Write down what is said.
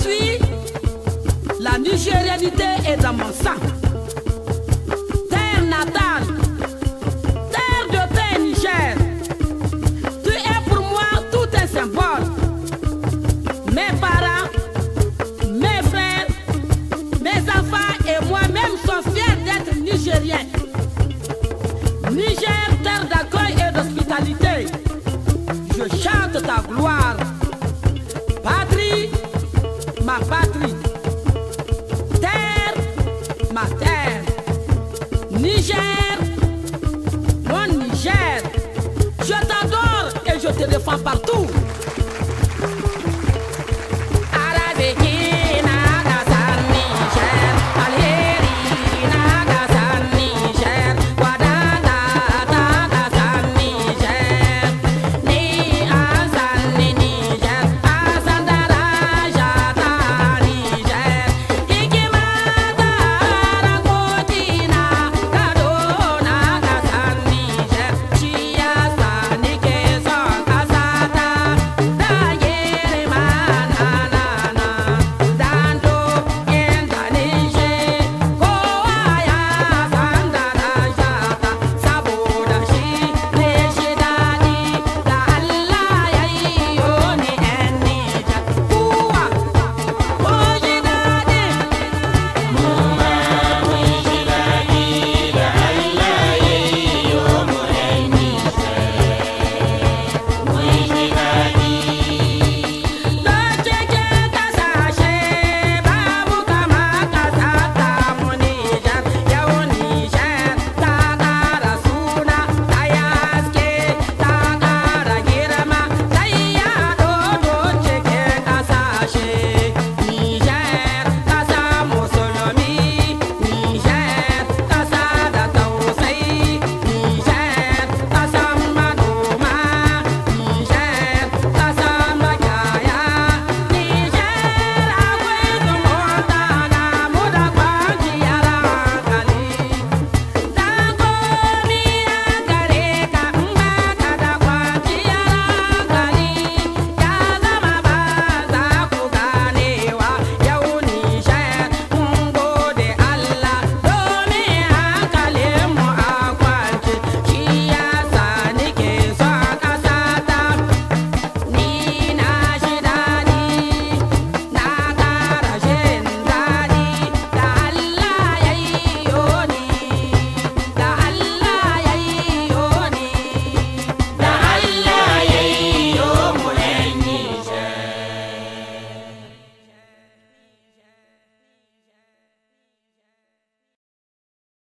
suis, la nigérianité est dans mon sang. Terre natale, terre de paix Niger, tu es pour moi tout un symbole. Mes parents, mes frères, mes enfants et moi-même sont fiers d'être nigériens. Niger, terre d'accueil et d'hospitalité, je chante ta gloire. Téléphone partout.